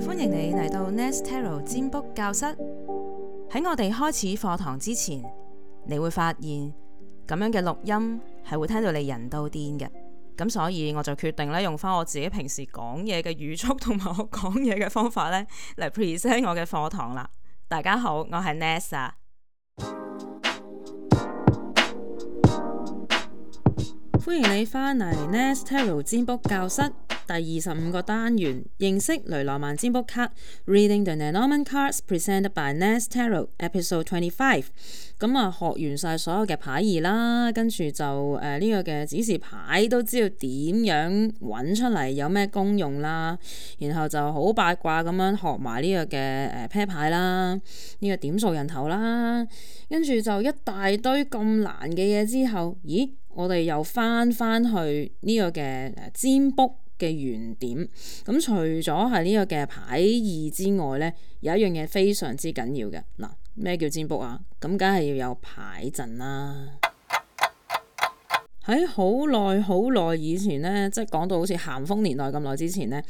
歡迎你嚟到 Nestero 占卜教室。喺我哋開始課堂之前，你會發現咁樣嘅錄音係會聽到你人都癲嘅。咁所以我就決定咧用翻我自己平時講嘢嘅語速同埋我講嘢嘅方法咧嚟 present 我嘅課堂啦。大家好，我係 Nestar，歡迎你返嚟 Nestero 占卜教室。第二十五個單元認識雷諾曼占卜卡，Reading the Nanoman Cards，presented by n a s t a r o e p i s o d e Twenty Five。咁、嗯、啊，學完晒所有嘅牌義啦，跟住就誒呢、呃這個嘅指示牌都知道點樣揾出嚟，有咩功用啦。然後就好八卦咁樣學埋呢個嘅誒 p i r 牌啦，呢、這個點數人頭啦，跟住就一大堆咁難嘅嘢之後，咦？我哋又翻翻去呢個嘅占卜。嘅原點，咁除咗係呢個嘅牌意之外呢，有一樣嘢非常之緊要嘅，嗱，咩叫占卜啊？咁梗係要有牌陣啦。喺好耐好耐以前呢，即係講到好似咸豐年代咁耐之前呢，誒、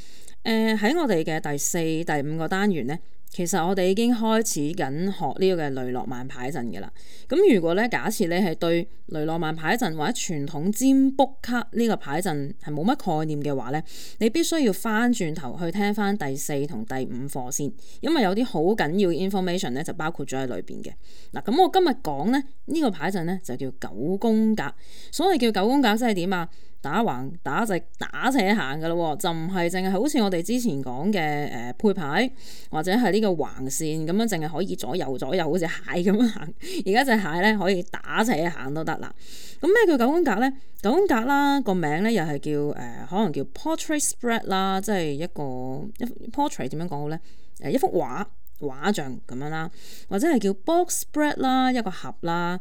呃、喺我哋嘅第四、第五個單元呢，其實我哋已經開始緊學呢個嘅雷諾曼牌陣嘅啦。咁如果咧假設你係對雷諾曼牌陣或者傳統占卜卡呢個牌陣係冇乜概念嘅話咧，你必須要翻轉頭去聽翻第四同第五課先，因為有啲好緊要嘅 information 咧就包括咗喺裏邊嘅。嗱，咁我今日講咧呢個牌陣咧就叫九宮格。所謂叫九宮格即係點啊？打橫、打直、打斜行噶啦，就唔係淨係好似我哋之前講嘅，誒、呃，配牌或者係呢個橫線咁樣，淨係可以左右左右好，好 似蟹咁樣行。而家隻蟹咧，可以打斜都行都得啦。咁咩叫九宮格咧？九宮格啦，個名咧又係叫誒、呃，可能叫 portrait spread 啦，即係一個一 portrait 點樣講好咧？誒，一幅畫、畫像咁樣啦，或者係叫 box spread 啦，一個盒啦。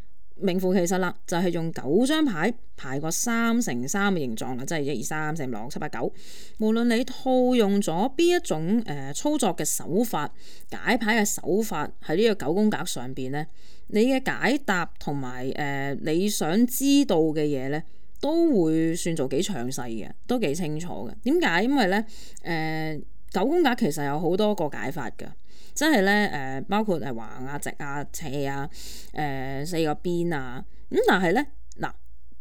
名副其實啦，就係用九張牌排個三乘三嘅形狀啦，即係一二三四五六七八九。無論你套用咗邊一種誒操作嘅手法、解牌嘅手法喺呢個九宮格上邊呢，你嘅解答同埋誒你想知道嘅嘢呢，都會算做幾詳細嘅，都幾清楚嘅。點解？因為呢。誒、呃。九宮格其實有好多個解法㗎，即係咧誒，包括係橫啊、直啊、斜啊，誒、呃、四個邊啊。咁、嗯、但係咧，嗱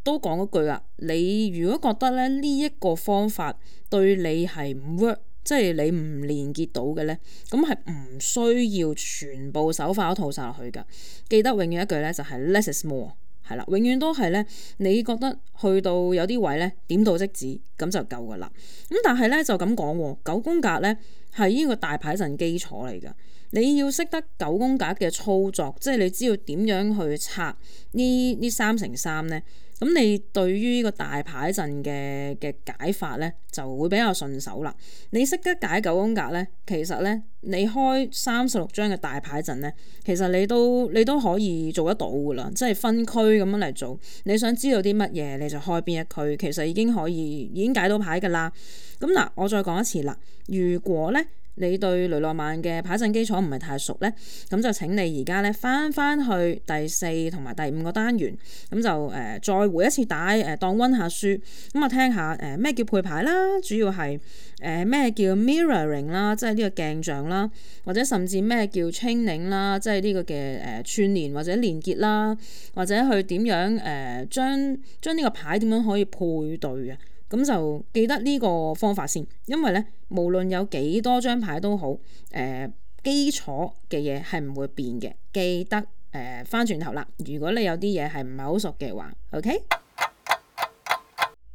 都講嗰句啦，你如果覺得咧呢一個方法對你係唔 work，即係你唔連結到嘅咧，咁係唔需要全部手法都套晒落去㗎。記得永遠一句咧就係 less is more。係啦，永遠都係咧，你覺得去到有啲位咧，點到即止咁就夠噶啦。咁但係咧就咁講，九宮格咧係呢個大牌陣基礎嚟噶，你要識得九宮格嘅操作，即係你知道點樣去拆呢呢三乘三咧。咁你對於呢個大牌陣嘅嘅解法呢，就會比較順手啦。你識得解九宮格呢，其實呢，你開三十六張嘅大牌陣呢，其實你都你都可以做得到噶啦。即係分區咁樣嚟做，你想知道啲乜嘢，你就開邊一區，其實已經可以已經解到牌噶啦。咁嗱，我再講一次啦，如果呢，你對雷諾曼嘅牌陣基礎唔係太熟呢，咁就請你而家咧翻翻去第四同埋第五個單元，咁就誒、呃、再回一次打誒，當温下書，咁啊聽下誒咩、呃、叫配牌啦，主要係誒咩叫 mirroring 啦，即係呢個鏡像啦，或者甚至咩叫 chaining 啦，即係呢個嘅誒串連或者連結啦，或者去點樣誒、呃、將將呢個牌點樣可以配對啊？咁就記得呢個方法先，因為呢，無論有幾多張牌都好，誒、呃、基礎嘅嘢係唔會變嘅。記得誒翻轉頭啦，如果你有啲嘢係唔係好熟嘅話，OK。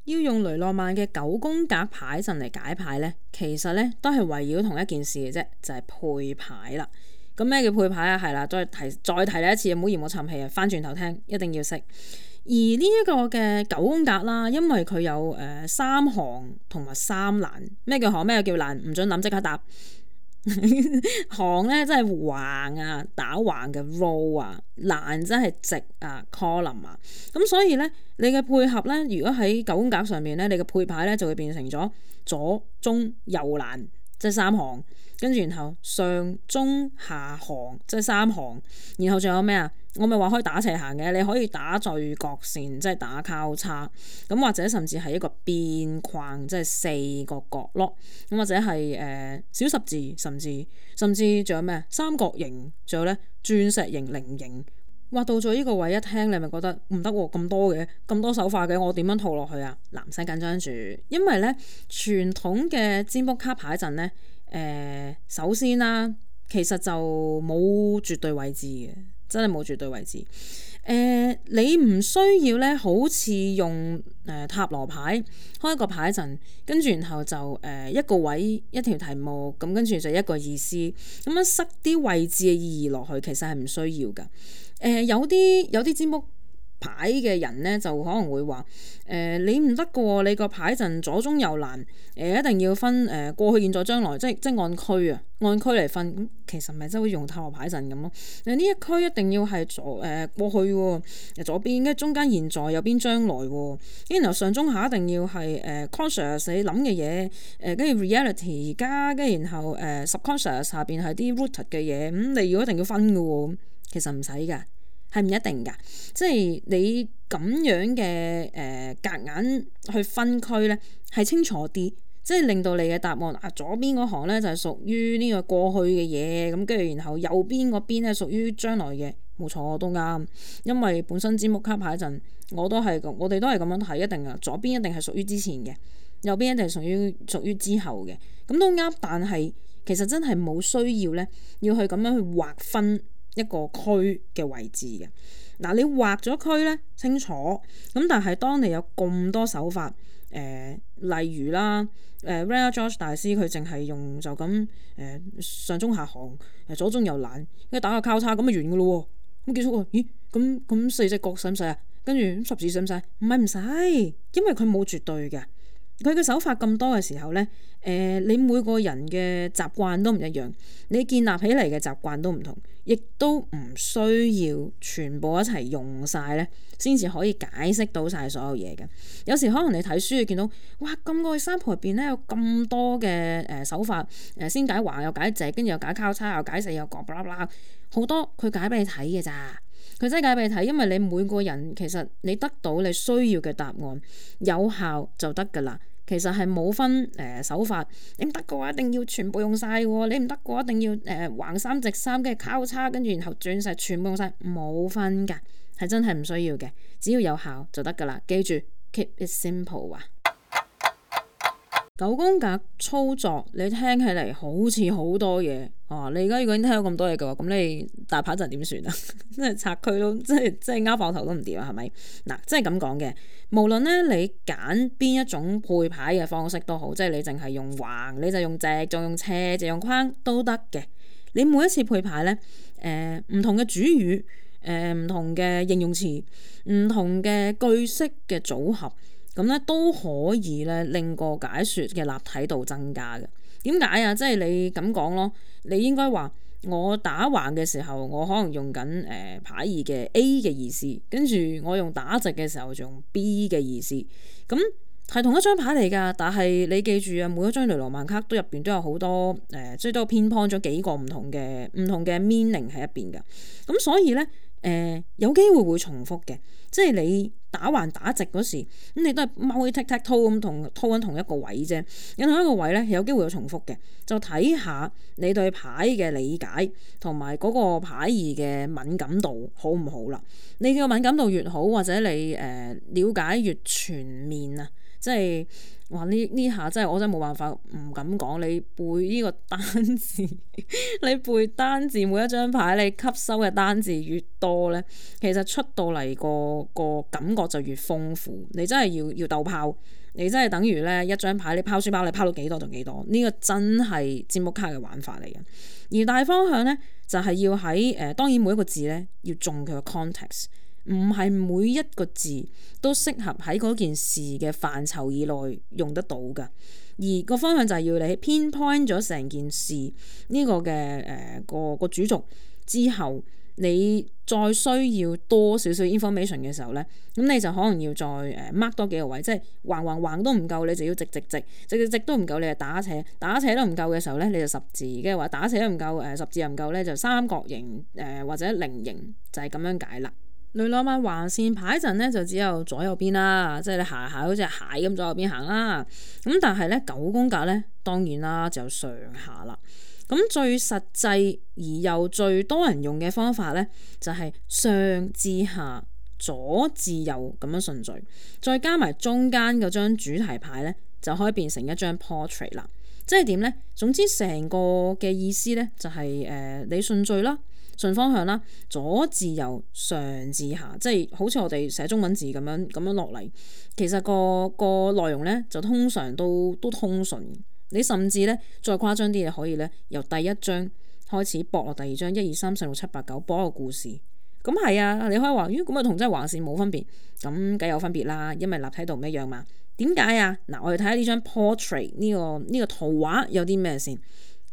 要用雷諾曼嘅九宮格牌陣嚟解牌呢，其實呢都係圍繞同一件事嘅啫，就係、是、配牌啦。咁咩叫配牌啊？係啦，再提再提你一次，唔好嫌我長氣啊，翻轉頭聽，一定要識。而呢一個嘅九宮格啦，因為佢有誒、呃、三行同埋三欄。咩叫行？咩叫欄？唔准諗，即刻答。 行咧，真係橫啊，打橫嘅 row 啊；欄真係直啊，column 啊。咁所以咧，你嘅配合咧，如果喺九宮格上面咧，你嘅配牌咧就會變成咗左、中、右欄，即係三行。跟住，然後上、中、下行即係三行，然後仲有咩啊？我咪話可以打斜行嘅，你可以打對角線，即係打交叉咁，或者甚至係一個邊框，即係四個角落咁，或者係誒、呃、小十字，甚至甚至仲有咩三角形，仲有咧鑽石形、菱形。畫到咗呢個位一聽，你咪覺得唔得喎？咁、哦、多嘅咁多手法嘅，我點樣套落去啊？唔使緊張住，因為咧傳統嘅占卜卡牌陣咧。誒、呃，首先啦，其實就冇絕對位置嘅，真係冇絕對位置。誒、呃，你唔需要咧，好似用誒、呃、塔羅牌開一個牌陣，跟住然後就誒、呃、一個位一條題目，咁跟住就一個意思，咁樣塞啲位置嘅意義落去，其實係唔需要噶。誒、呃，有啲有啲節目，牌嘅人咧就可能會話，誒你唔得嘅喎，你個牌陣左中右難，誒、呃、一定要分誒、呃、過去、現在，在、將來，即係即係按區啊，按區嚟分。咁其實咪即係會用塔羅牌陣咁咯。誒、呃、呢一區一定要係左誒、呃、過去喎，左邊跟住中間現在右邊將來喎。然後上中下一定要係誒、呃、conscious 你諗嘅嘢，誒跟住 reality 而家，跟然後誒、呃、subconscious 下邊係啲 root 嘅嘢，咁、嗯、你要一定要分嘅喎，其實唔使㗎。係唔一定噶，即係你咁樣嘅誒夾硬去分區咧，係清楚啲，即係令到你嘅答案啊，左邊嗰行咧就係屬於呢個過去嘅嘢，咁跟住然後右邊嗰邊咧屬於將來嘅，冇錯都啱，因為本身占卜卡牌陣我都係，我哋都係咁樣睇一定嘅，左邊一定係屬於之前嘅，右邊一定係屬於屬於之後嘅，咁都啱，但係其實真係冇需要咧，要去咁樣去劃分。一個區嘅位置嘅，嗱，你劃咗區咧，清楚，咁但係當你有咁多手法，誒、呃、例如啦，誒、呃、Ralph George 大師佢淨係用就咁誒、呃、上中下行，左中右欄，跟住打個交叉咁就完噶咯喎，咁結束喎，咦咁咁四隻角使唔使啊？跟住十字使唔使？唔係唔使，因為佢冇絕對嘅。佢嘅手法咁多嘅時候咧，誒、呃，你每個人嘅習慣都唔一樣，你建立起嚟嘅習慣都唔同，亦都唔需要全部一齊用晒咧，先至可以解釋到晒所有嘢嘅。有時可能你睇書你見到，哇，咁個三盤入邊咧有咁多嘅誒、呃、手法，誒，先解橫，又解直，跟住又解交叉，又解四，又角，啦啦，好多佢解俾你睇嘅咋。佢真係解畀你睇，因為你每個人其實你得到你需要嘅答案有效就得噶啦。其實係冇分誒、呃、手法，你唔得嘅話一定要全部用晒，你唔得嘅話一定要誒橫、呃、三直三嘅交叉，跟住然後鑽石全,全部用晒，冇分噶，係真係唔需要嘅，只要有效就得噶啦。記住 keep it simple 啊！九宮格操作，你聽起嚟好似好多嘢。哇、啊！你而家如果已經聽到咁多嘢嘅話，咁你大牌就點算啊？即係拆佢都，即係即係拗爆頭都唔掂啊？係咪？嗱，即係咁講嘅。無論咧你揀邊一種配牌嘅方式都好，即係你淨係用橫，你就用直，仲用斜，就用框都得嘅。你每一次配牌咧，誒、呃，唔同嘅主語，誒、呃，唔同嘅形容詞，唔同嘅句式嘅組合。咁咧都可以咧令個解説嘅立體度增加嘅。點解啊？即係你咁講咯，你應該話我打橫嘅時候，我可能用緊誒牌二嘅 A 嘅意思，跟住我用打直嘅時候用 B 嘅意思。咁、嗯、係同一張牌嚟㗎，但係你記住啊，每一張雷羅曼卡都入邊都有好多誒，最多偏旁咗幾個唔同嘅唔同嘅 meaning 喺一邊㗎。咁、嗯、所以咧。誒、呃、有機會會重複嘅，即係你打橫打直嗰時，咁你都係踎喺踢踢拖咁，同拖緊同一個位啫。有同一個位咧，有機會有重複嘅，就睇下你對牌嘅理解同埋嗰個牌意嘅敏感度好唔好啦。你嘅敏感度越好，或者你誒瞭、呃、解越全面啊，即係。哇！呢呢下真係我真係冇辦法，唔敢講，你背呢個單字， 你背單字每一張牌，你吸收嘅單字越多呢，其實出到嚟個個感覺就越豐富。你真係要要鬥拋，你真係等於呢一張牌你拋書包，你拋到幾多就幾多。呢、這個真係占卜卡嘅玩法嚟嘅。而大方向呢，就係、是、要喺誒、呃，當然每一個字呢，要中佢嘅 context。唔係每一個字都適合喺嗰件事嘅範疇以內用得到㗎。而個方向就係要你 pinpoint 咗成件事呢個嘅誒、呃、個個主軸之後，你再需要多少少 information 嘅時候咧，咁你就可能要再誒 mark 多幾個位，即係橫橫橫都唔夠，你就要直直直直直直都唔夠，你就打斜打斜都唔夠嘅時候咧，你就十字嘅話打斜都唔夠誒、呃，十字又唔夠咧就三角形誒、呃、或者菱形就係、是、咁樣解啦。雷諾曼橫線牌陣咧，就只有左右邊啦，即係你行下好似蟹咁左右邊行啦。咁但係咧九宮格咧，當然啦就上下啦。咁最實際而又最多人用嘅方法咧，就係上至下，左至右咁樣順序，再加埋中間嗰張主題牌咧，就可以變成一張 portrait 啦。即係點咧？總之成個嘅意思咧，就係誒你順序啦。順方向啦，左至右上至下，即係好似我哋寫中文字咁樣咁樣落嚟。其實個個內容呢，就通常都都通順。你甚至呢，再誇張啲嘅你可以呢，由第一張開始博落第二張，一二三四六七八九，博個故事。咁係啊，你可以話咦，咁啊同真係橫線冇分別，咁梗有分別啦，因為立體度唔一樣嘛。點解啊？嗱，我哋睇下呢張 portrait 呢、呢個呢、呢個圖畫有啲咩先。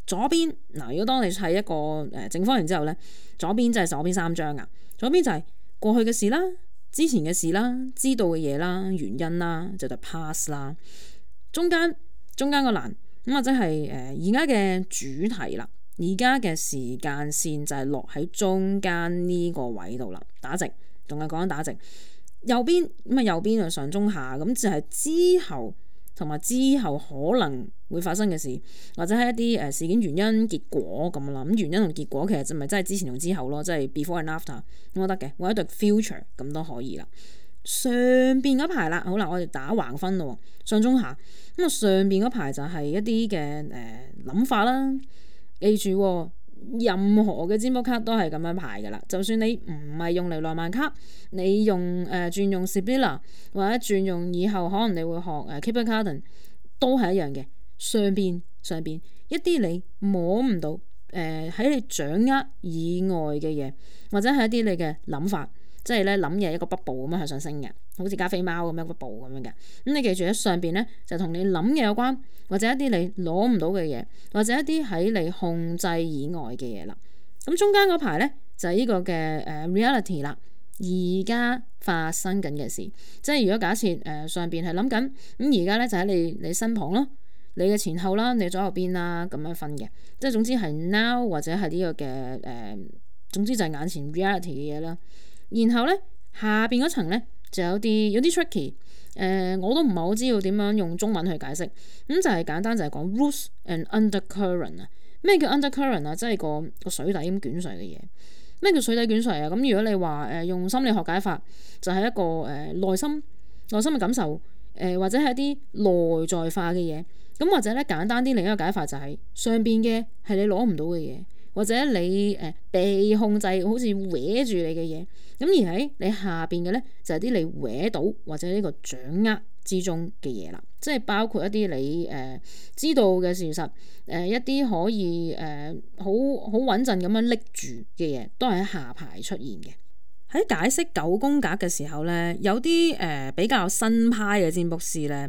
左邊嗱，如果當你砌一個誒正方形之後咧，左邊就係左邊三張㗎，左邊就係過去嘅事啦、之前嘅事啦、知道嘅嘢啦、原因啦，就就 pass 啦。中間中間個欄咁啊，即係誒而家嘅主題啦，而家嘅時間線就係落喺中間呢個位度啦，打直同我講緊打直。右邊咁啊，右邊就上中下咁就係之後。同埋之後可能會發生嘅事，或者係一啲誒、呃、事件原因、結果咁啦。咁原因同結果其實就咪真係之前同之後咯，即、就、係、是、before and after 咁都得嘅，或者一對 future 咁都可以啦。上邊嗰排啦，好啦，我哋打橫分咯，上中下咁啊，上邊嗰排就係一啲嘅誒諗法啦。記住、哦。任何嘅占卜卡都係咁樣排嘅啦，就算你唔係用嚟浪漫卡，你用誒、呃、轉用 Sibilla 或者轉用以後，可能你會學誒 Keeper Carden 都係一樣嘅。上邊上邊，一啲你摸唔到誒喺、呃、你掌握以外嘅嘢，或者係一啲你嘅諗法。即係咧諗嘢一個瀑布咁樣向上升嘅，好似加菲貓咁樣瀑布咁樣嘅。咁你記住喺上邊咧，就同、是、你諗嘢有關，或者一啲你攞唔到嘅嘢，或者一啲喺你控制以外嘅嘢啦。咁中間嗰排咧就係、是、呢個嘅誒 reality 啦，而家發生緊嘅事。即係如果假設誒、呃、上邊係諗緊咁，而家咧就喺、是、你你身旁咯，你嘅前後啦，你左右邊啦，咁樣分嘅。即係總之係 now 或者係呢個嘅誒、呃，總之就係眼前 reality 嘅嘢啦。然後咧下邊嗰層咧就有啲有啲 tricky 誒、呃，我都唔係好知道點樣用中文去解釋。咁、嗯、就係、是、簡單就係講 roots and undercurrent 啊。咩叫 undercurrent 啊？即係個個水底咁捲水嘅嘢。咩叫水底捲水啊？咁、嗯、如果你話誒、呃、用心理學解法，就係、是、一個誒、呃、內心內心嘅感受誒、呃，或者係一啲內在化嘅嘢。咁、嗯、或者咧簡單啲另一個解法就係、是、上邊嘅係你攞唔到嘅嘢，或者你誒、呃、被控制，好似歪住你嘅嘢。咁而喺你下邊嘅咧，就係、是、啲你搲到或者呢個掌握之中嘅嘢啦，即係包括一啲你誒、呃、知道嘅事實，誒、呃、一啲可以誒好好穩陣咁樣拎住嘅嘢，都係喺下排出現嘅。喺解釋九宮格嘅時候咧，有啲誒、呃、比較新派嘅占卜師咧。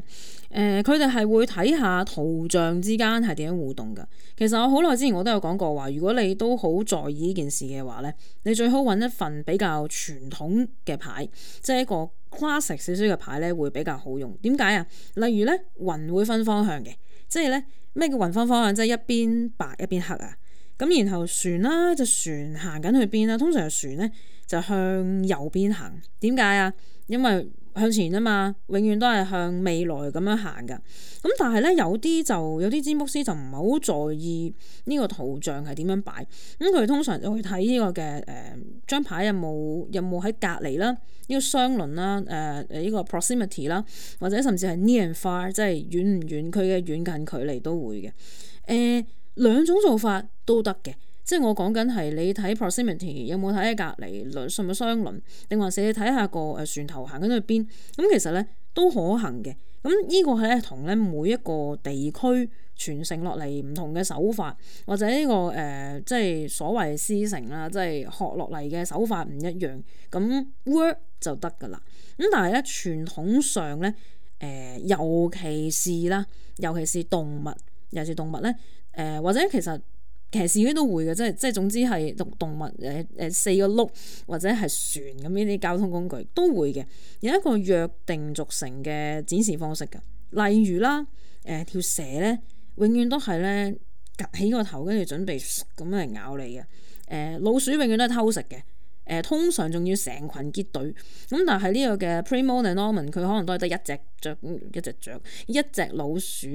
誒，佢哋係會睇下圖像之間係點樣互動噶。其實我好耐之前我都有講過話，如果你都好在意呢件事嘅話，呢你最好揾一份比較傳統嘅牌，即係一個 classic 少少嘅牌，呢會比較好用。點解啊？例如呢，雲會分方向嘅，即係呢咩叫雲分方向？即係一邊白一邊黑啊。咁然後船啦，隻船行緊去邊啦？通常船呢就向右邊行。點解啊？因為向前啊嘛，永遠都係向未來咁樣行㗎。咁但係咧，有啲就有啲占卜師就唔係好在意呢個圖像係點樣擺。咁佢通常就去睇呢個嘅誒、呃、張牌有冇有冇喺隔離啦，呢、呢個雙輪啦，誒誒呢個 proximity 啦，或者甚至係 near and far，即係遠唔遠？佢嘅遠近距離都會嘅。誒、呃、兩種做法都得嘅。即係我講緊係你睇 proximity 有冇睇喺隔離輪，甚至雙輪，定還是你睇下個誒船頭行緊去邊？咁其實咧都可行嘅。咁、這、呢個咧同咧每一個地區傳承落嚟唔同嘅手法，或者呢、這個誒即係所謂師承啦，即係學落嚟嘅手法唔一樣。咁 work 就得㗎啦。咁但係咧傳統上咧誒、呃，尤其是啦，尤其是動物，尤其是動物咧誒、呃，或者其實。其實騎士都會嘅，即係即係，總之係動物誒誒、呃呃、四個轆或者係船咁呢啲交通工具都會嘅，有一個約定俗成嘅展示方式噶，例如啦，誒、呃、條蛇咧永遠都係咧趷起個頭，跟住準備咁樣嚟咬你嘅，誒、呃、老鼠永遠都係偷食嘅。誒通常仲要成群結隊，咁但係呢個嘅 premordial animal 佢可能都係得一隻雀，一隻雀，一隻老鼠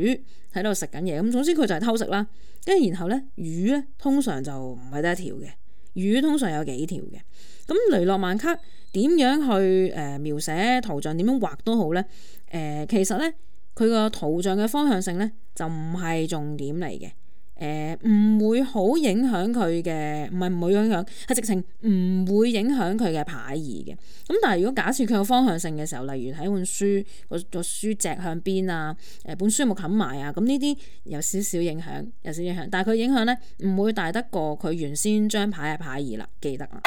喺度食緊嘢，咁總之佢就係偷食啦。跟住然後咧，魚咧通常就唔係得一條嘅，魚通常有幾條嘅。咁雷諾曼卡點樣去誒描寫圖像？點樣畫都好咧，誒、呃、其實咧佢個圖像嘅方向性咧就唔係重點嚟嘅。誒唔、呃、會好影響佢嘅，唔係唔會影響，係直情唔會影響佢嘅牌意嘅。咁但係如果假設佢有方向性嘅時候，例如睇本書個個書脊向邊啊，誒本書有冇冚埋啊，咁呢啲有少少影響，有少少影響，但係佢影響咧唔會大得過佢原先張牌嘅牌意啦，記得啦。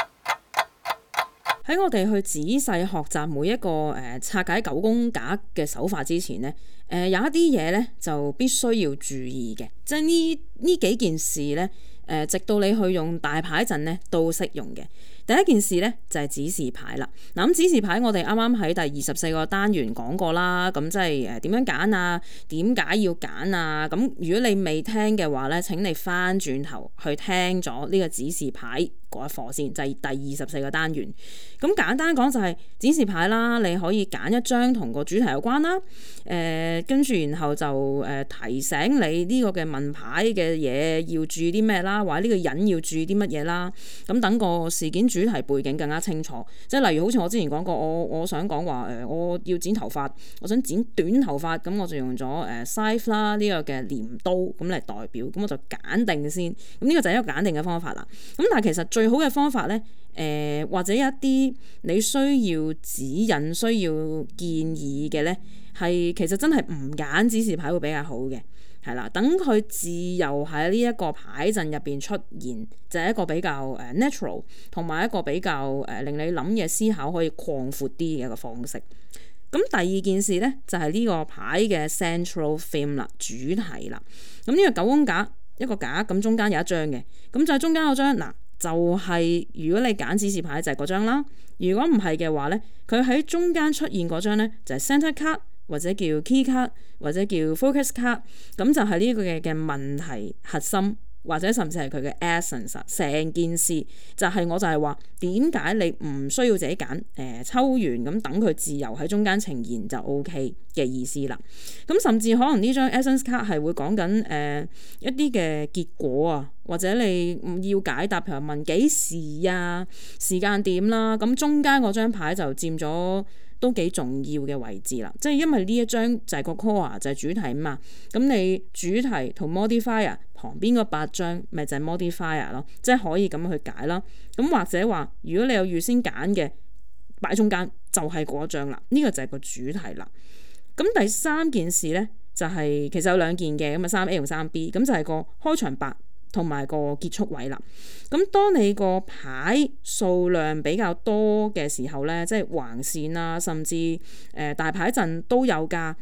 喺我哋去仔細學習每一個誒、呃、拆解九宮格嘅手法之前咧，誒、呃、有一啲嘢呢就必須要注意嘅，即係呢呢幾件事呢，誒、呃、直到你去用大牌陣呢都適用嘅。第一件事呢就係、是、指示牌啦。嗱、呃、咁指示牌我哋啱啱喺第二十四個單元講過啦，咁即係誒點樣揀啊，點解要揀啊？咁如果你未聽嘅話呢，請你翻轉頭去聽咗呢個指示牌。嗰一課先，就係、是、第二十四個單元。咁簡單講就係、是、展示牌啦，你可以揀一張同個主題有關啦。誒、呃，跟住然後就誒、呃、提醒你呢個嘅問牌嘅嘢要注意啲咩啦，或者呢個人要注意啲乜嘢啦。咁等個事件主題背景更加清楚。即係例如好似我之前講過，我我想講話誒，我要剪頭髮，我想剪短頭髮，咁我就用咗誒、呃、side 啦呢、這個嘅鐮刀咁嚟代表，咁我就揀定先。咁呢個就係一個揀定嘅方法啦。咁但係其實最最好嘅方法呢，誒、呃、或者一啲你需要指引、需要建議嘅呢，係其實真係唔揀指示牌會比較好嘅，係啦。等佢自由喺呢一個牌陣入邊出現，就係、是、一個比較誒 natural 同埋一個比較誒、呃、令你諗嘢思考可以擴闊啲嘅一個方式。咁第二件事呢，就係、是、呢個牌嘅 central theme 啦，主題啦。咁呢個九宮格一個格咁中間有一張嘅，咁就係中間嗰張嗱。就係如果你揀指示牌就係、是、嗰張啦，如果唔係嘅話呢，佢喺中間出現嗰張呢就係、是、center card 或者叫 key card 或者叫 focus card，咁就係呢個嘢嘅問題核心。或者甚至係佢嘅 essence，成件事就係我就係話點解你唔需要自己揀誒抽完咁等佢自由喺中間呈現就 OK 嘅意思啦。咁、嗯、甚至可能呢張 essence card 係會講緊、呃、一啲嘅結果啊，或者你要解答譬如問幾時啊、時間點啦、啊，咁、嗯、中間嗰張牌就佔咗。都幾重要嘅位置啦，即係因為呢一張就係個 core 就係主題啊嘛。咁你主題同 modifier 旁邊個八張咪就係 modifier 咯，即係可以咁去解啦。咁或者話，如果你有預先揀嘅擺中間就係嗰張啦，呢、這個就係個主題啦。咁第三件事呢，就係、是、其實有兩件嘅咁啊，三 A 同三 B 咁就係個開場八。同埋個結束位啦。咁當你個牌數量比較多嘅時候呢，即係橫線啦，甚至誒大牌陣都有㗎。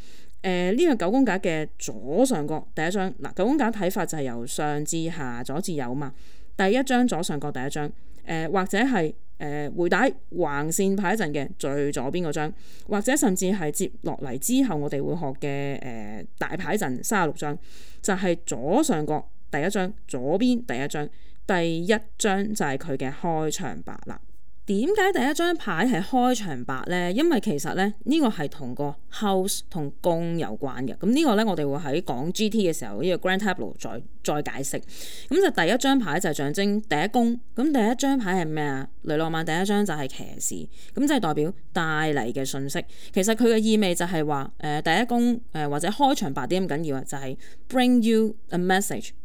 誒呢個九宮格嘅左上角第一張嗱，九宮格睇法就係由上至下，左至右嘛。第一張左上角第一張，誒或者係誒回帶橫線牌陣嘅最左邊嗰張，或者甚至係接落嚟之後，我哋會學嘅誒大牌陣三十六張，就係左上角。第一張左邊第一張，第一張就係佢嘅開場白啦。點解第一張牌係開場白呢？因為其實咧呢個係同個 house 同宮有關嘅。咁、嗯、呢、這個呢，我哋會喺講 G T 嘅時候，呢、這個 grand tableau 再再解釋。咁、嗯、就第一張牌就係象徵第一宮。咁、嗯、第一張牌係咩啊？雷諾曼第一張就係騎士。咁，即、嗯、係、就是、代表帶嚟嘅信息。其實佢嘅意味就係話誒第一宮誒、呃、或者開場白啲咁緊要啊，就係、是、bring you a message。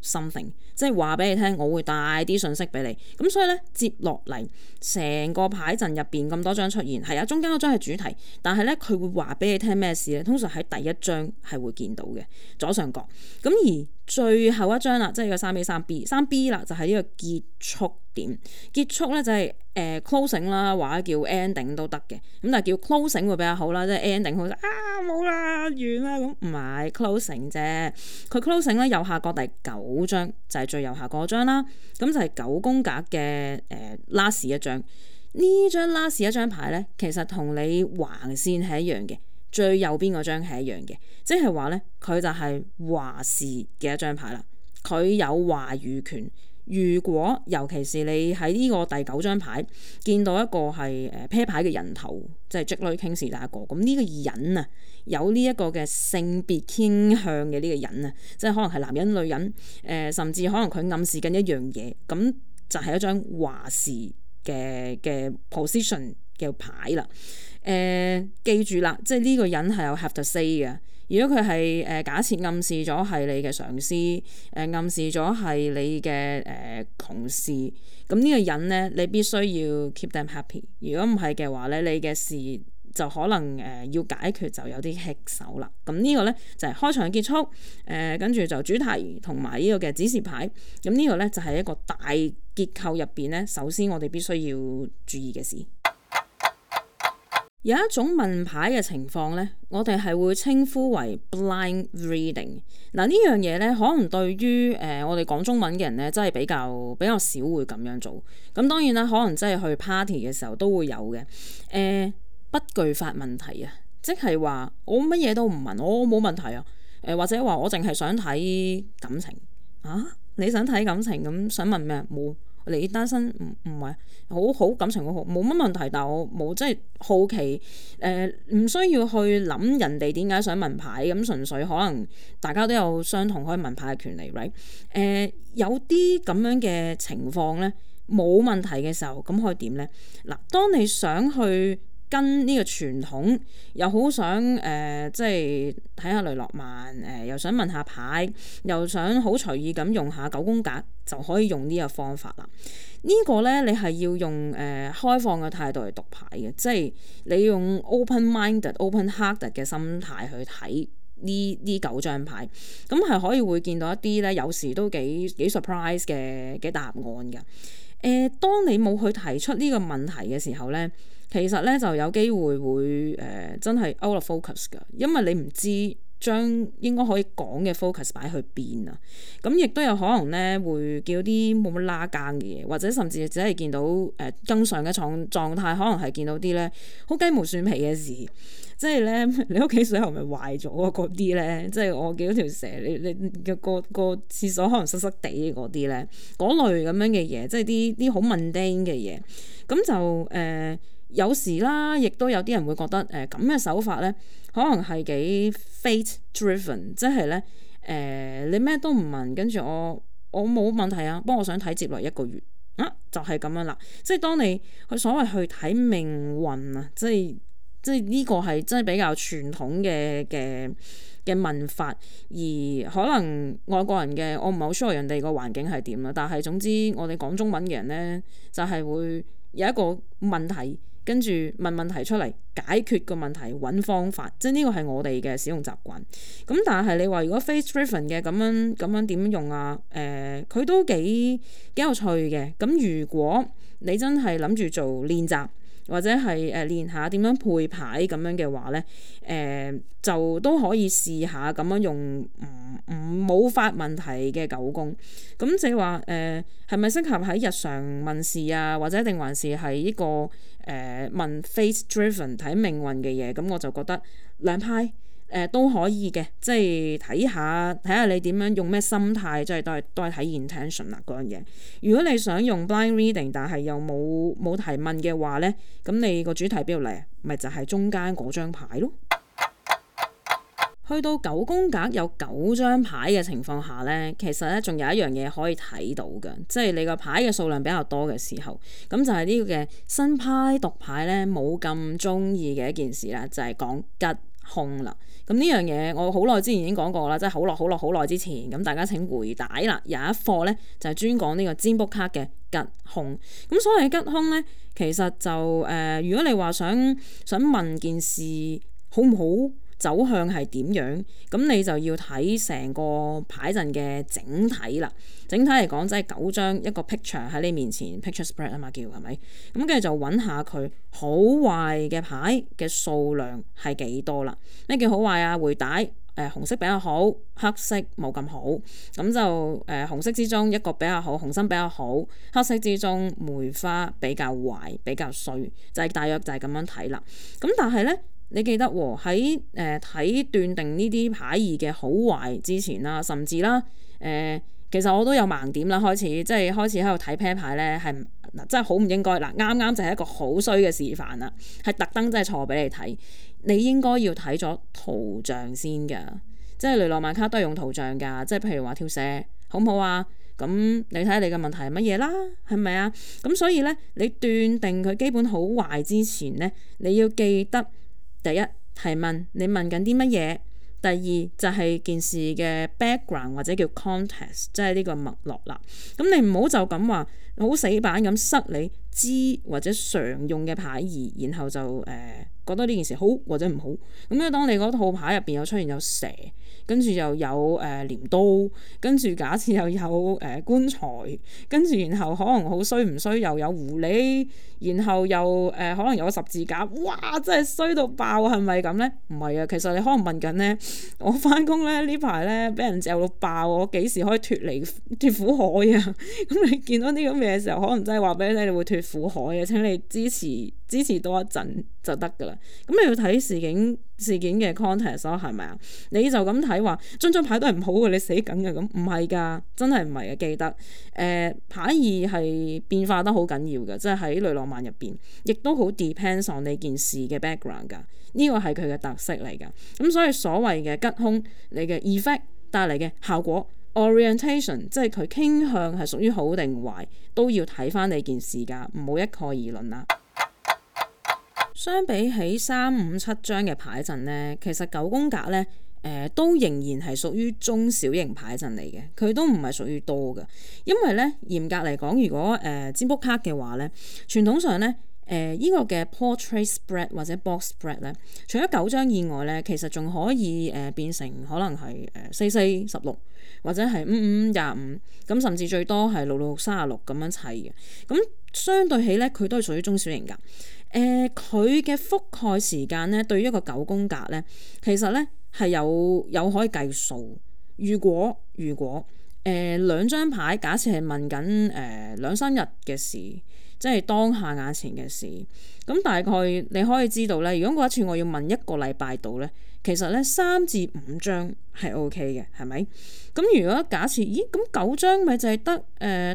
心定，即係話俾你聽，我會帶啲信息俾你。咁所以咧，接落嚟成個牌陣入邊咁多張出現，係啊，中間嗰張係主題，但係咧佢會話俾你聽咩事咧？通常喺第一張係會見到嘅左上角。咁而最後一張啦，即係個三 A 三 B 三 B 啦，就係、是、呢個結束點。結束咧就係、是、誒、呃、closing 啦，或者叫 ending 都得嘅。咁但係叫 closing 會比較好啦，即係 ending 好似啊冇啦，完啦咁，唔係 closing 啫。佢 closing 咧右下角第九。九張就係最右下嗰張啦，咁就係九宮格嘅誒 last 一張。呢張 last 一張牌呢，其實同你橫線係一樣嘅，最右邊嗰張係一樣嘅，即係話呢，佢就係話事嘅一張牌啦，佢有話語權。如果尤其是你喺呢個第九張牌見到一個係誒啤牌嘅人頭，即係 Jack、Queen、King，第一個，咁呢個人啊，有呢一個嘅性別傾向嘅呢個人啊，即係可能係男人、女人，誒、呃、甚至可能佢暗示緊一樣嘢，咁就係一張華士嘅嘅 position 嘅牌啦。誒、呃，記住啦，即係呢個人係有 have to say 嘅。如果佢係誒，假設暗示咗係你嘅上司，誒、呃、暗示咗係你嘅誒同事，咁呢個人咧，你必須要 keep them happy。如果唔係嘅話咧，你嘅事就可能誒、呃、要解決就有啲棘手啦。咁呢個咧就係、是、開場結束，誒跟住就主題同埋呢個嘅指示牌。咁呢個咧就係、是、一個大結構入邊咧，首先我哋必須要注意嘅事。有一種問牌嘅情況呢，我哋係會稱呼為 blind reading。嗱，呢樣嘢呢，可能對於誒、呃、我哋講中文嘅人呢，真係比較比較少會咁樣做。咁當然啦，可能真係去 party 嘅時候都會有嘅、呃。不具發問題啊，即係話我乜嘢都唔問，我冇問題啊。或者話我淨係想睇感情啊？你想睇感情咁想問咩？冇。你單身，唔唔係好好，感情好好，冇乜問題，但係我冇即係好奇誒，唔、呃、需要去諗人哋點解想文牌咁，純粹可能大家都有相同可以文牌嘅權利，right？誒、呃、有啲咁樣嘅情況咧，冇問題嘅時候，咁可以點咧？嗱，當你想去。跟呢個傳統，又好想誒、呃，即係睇下雷諾曼，誒、呃、又想問，問下牌，又想好隨意咁用下九宮格，就可以用呢個方法啦。這個、呢個咧，你係要用誒、呃、開放嘅態度嚟讀牌嘅，即係你用 open-minded、open-hearted 嘅心態去睇呢呢九張牌，咁係可以會見到一啲咧，有時都幾幾 surprise 嘅嘅答案嘅。誒、呃，當你冇去提出呢個問題嘅時候咧。其實咧就有機會會誒、呃、真係 out of focus 㗎，因為你唔知將應該可以講嘅 focus 擺去邊啊。咁亦都有可能咧會叫啲冇乜拉更嘅嘢，或者甚至只係見到誒正常嘅狀態，可能係見到啲咧好雞毛蒜皮嘅事，即係咧你屋企水喉咪壞咗嗰啲咧，即係、就是、我見到條蛇，你你，你、那個個、那個廁所可能濕濕地嗰啲咧，嗰類咁樣嘅嘢，即係啲啲好 mundane 嘅嘢，咁就誒。呃有時啦，亦都有啲人會覺得誒咁嘅手法咧，可能係幾 fate driven，即係咧誒你咩都唔問，跟住我我冇問題啊。不過我想睇接來一個月啊，就係咁樣啦。即係當你去所謂去睇命運啊，即係即係呢個係真係比較傳統嘅嘅嘅問法，而可能外國人嘅我唔係好 sure 人哋個環境係點啦，但係總之我哋講中文嘅人咧就係會有一個問題。跟住問問題出嚟，解決個問題，揾方法，即係呢個係我哋嘅使用習慣。咁但係你話如果 face driven 嘅咁樣咁樣點用啊？誒、呃，佢都幾幾有趣嘅。咁如果你真係諗住做練習。或者係誒、呃、練下點樣配牌咁樣嘅話呢，誒、呃、就都可以試下咁樣用唔唔冇發問題嘅九宮。咁即係話誒係咪適合喺日常問事啊？或者定還是係依個誒、呃、問 face driven 睇命運嘅嘢？咁、嗯、我就覺得兩派。誒、呃，都可以嘅，即係睇下睇下你點樣用咩心態，即係都係都係睇 intention 啦，嗰樣嘢。如果你想用 blind reading，但係又冇冇提問嘅話呢，咁你個主題邊度嚟啊？咪就係、是、中間嗰張牌咯。去到九宮格有九張牌嘅情況下呢，其實呢仲有一樣嘢可以睇到嘅，即係你個牌嘅數量比較多嘅時候，咁就係呢個嘅新派讀牌呢，冇咁中意嘅一件事啦，就係、是、講吉控啦，咁呢樣嘢我好耐之前已經講過啦，即係好耐好耐好耐之前，咁大家請回帶啦。有一課呢，就係專講呢個占卜卡嘅吉凶。咁所謂吉凶呢，其實就誒、呃，如果你話想想問件事好唔好？走向係點樣？咁你就要睇成個牌陣嘅整體啦。整體嚟講，即係九張一個 picture 喺你面前，picture spread 啊嘛叫係咪？咁跟住就揾下佢好壞嘅牌嘅數量係幾多啦？咩叫好壞啊？回帶誒、呃、紅色比較好，黑色冇咁好。咁就誒、呃、紅色之中一個比較好，紅心比較好；黑色之中梅花比較壞，比較碎。就係、是、大約就係咁樣睇啦。咁但係咧。你記得喎，喺誒睇斷定呢啲牌意嘅好壞之前啦，甚至啦誒、呃，其實我都有盲點啦。開始即係開始喺度睇啤牌咧，係嗱即係好唔應該嗱，啱啱就係一個好衰嘅示範啦，係特登真係錯俾你睇。你應該要睇咗圖像先㗎，即係雷諾曼卡都係用圖像㗎，即係譬如話跳蛇好唔好啊？咁你睇下你嘅問題係乜嘢啦？係咪啊？咁所以咧，你斷定佢基本好壞之前咧，你要記得。第一，提問你問緊啲乜嘢？第二就係、是、件事嘅 background 或者叫 context，即係呢個脈絡啦。咁你唔好就咁話。好死板咁塞你知或者常用嘅牌義，然後就誒、呃、覺得呢件事好或者唔好。咁咧，當你套牌入邊又出現有蛇，跟住又有誒鐮、呃、刀，跟住假設又有誒、呃、棺材，跟住然後可能好衰唔衰又有狐狸，然後又誒、呃、可能有十字架，哇！真係衰到爆，係咪咁咧？唔係啊，其實你可能問緊咧，我翻工咧呢排咧俾人嚼到爆，我幾時可以脱離脱苦海啊？咁 你見到啲咁嘅。嘅時候，可能真係話俾你聽，你會脫苦海嘅。請你支持支持多一陣就得㗎啦。咁你要睇事件事件嘅 context，係咪啊？你就咁睇話，張張牌都係唔好嘅。你死梗嘅，咁唔係㗎，真係唔係嘅。記得誒、呃，牌意係變化得好緊要嘅，即係喺雷諾曼入邊，亦都好 depends on 你件事嘅 background 㗎。呢個係佢嘅特色嚟㗎。咁所以所謂嘅吉凶，你嘅 effect 帶嚟嘅效果。Orientation 即係佢傾向係屬於好定壞，都要睇翻你件事㗎，唔好一概而論啦。 相比起三五七張嘅牌陣呢，其實九宮格呢、呃、都仍然係屬於中小型牌陣嚟嘅，佢都唔係屬於多嘅，因為呢，嚴格嚟講，如果誒占、呃、卜卡嘅話呢，傳統上呢。誒依、呃這個嘅 portrait spread 或者 box spread 咧，除咗九張以外咧，其實仲可以誒、呃、變成可能係誒、呃、四四十六或者係五五廿五咁，甚至最多係六六三十六咁樣砌嘅。咁、嗯、相對起咧，佢都係屬於中小型㗎。誒佢嘅覆蓋時間咧，對於一個九宮格咧，其實咧係有有可以計數。如果如果誒、呃、兩張牌，假設係問緊誒、呃、兩三日嘅事。即係當下眼前嘅事，咁大概你可以知道咧。如果嗰一次我要問一個禮拜到咧，其實咧三至五章係 O K 嘅，係咪？咁如果假設，咦咁九章咪就係得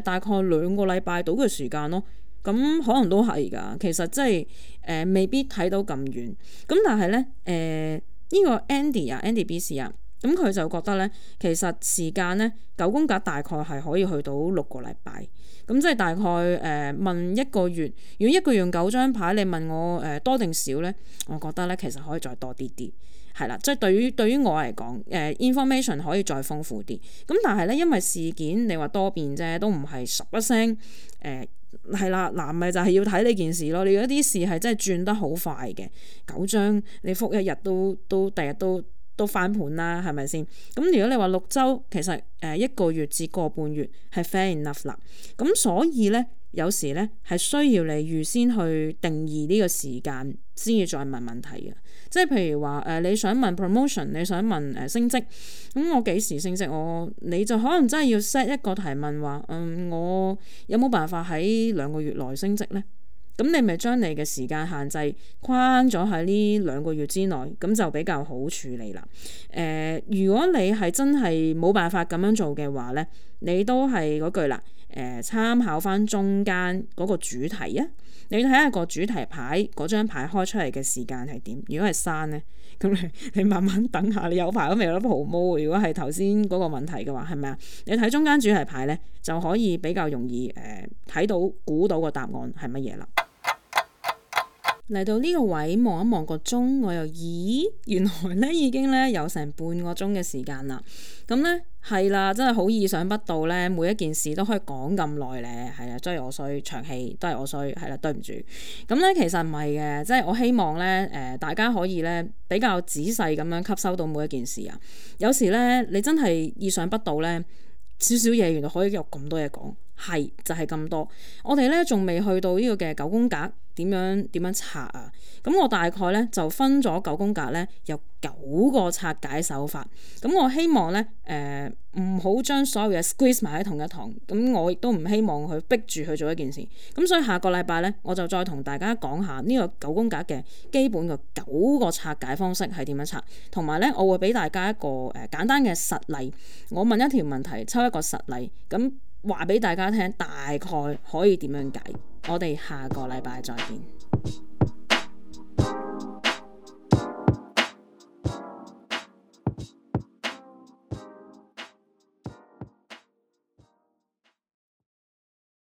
誒大概兩個禮拜到嘅時間咯。咁可能都係㗎，其實即係誒未必睇到咁遠。咁但係咧誒呢、呃呢個 Andy 啊，Andy B C 啊，咁佢、啊、就覺得咧，其實時間咧九宮格大概係可以去到六個禮拜。咁、嗯、即係大概誒、呃、問一個月，如果一個月用九張牌，你問我誒、呃、多定少咧？我覺得咧其實可以再多啲啲係啦。即係對於對於我嚟講誒 information 可以再豐富啲。咁但係咧，因為事件你話多變啫，都唔係十一聲誒係啦。嗱、呃、咪、呃、就係要睇呢件事咯。你有啲事係真係轉得好快嘅，九張你覆一日都都第日都。都天天都到返盤啦，係咪先咁？如果你話六週，其實誒一個月至個半月係 fair enough 啦。咁所以咧，有時咧係需要你預先去定義呢個時間，先至再問問題嘅。即係譬如話誒、呃，你想問 promotion，你想問誒升職咁，我幾時升職？我你就可能真係要 set 一個提問話，嗯，我有冇辦法喺兩個月內升職咧？咁你咪將你嘅時間限制框咗喺呢兩個月之內，咁就比較好處理啦。誒、呃，如果你係真係冇辦法咁樣做嘅話呢，你都係嗰句啦。誒、呃，參考翻中間嗰個主題啊，你睇下個主題牌嗰張牌開出嚟嘅時間係點？如果係山呢，咁你，你慢慢等下，你有排都未攞 promo。如果係頭先嗰個問題嘅話，係咪啊？你睇中間主題牌呢，就可以比較容易誒睇、呃、到估到個答案係乜嘢啦。嚟到呢個位望一望個鐘，我又咦，原來咧已經咧有成半個鐘嘅時間啦。咁咧係啦，真係好意想不到咧，每一件事都可以講咁耐咧，係啊，都係我衰，長氣都係我衰，係啦，對唔住。咁咧其實唔係嘅，即係我希望咧，誒、呃，大家可以咧比較仔細咁樣吸收到每一件事啊。有時咧你真係意想不到咧，少少嘢原來可以有咁多嘢講。係就係、是、咁多。我哋咧仲未去到呢個嘅九宮格，點樣點樣拆啊？咁我大概咧就分咗九宮格咧有九個拆解手法。咁我希望咧誒，唔好將所有嘅 squeeze 埋喺同一堂。咁我亦都唔希望去逼住去做一件事。咁所以下個禮拜咧，我就再同大家講下呢個九宮格嘅基本嘅九個拆解方式係點樣拆，同埋咧我會俾大家一個誒簡單嘅實例。我問一條問題，抽一個實例咁。話俾大家聽，大概可以點樣解。我哋下個禮拜再見。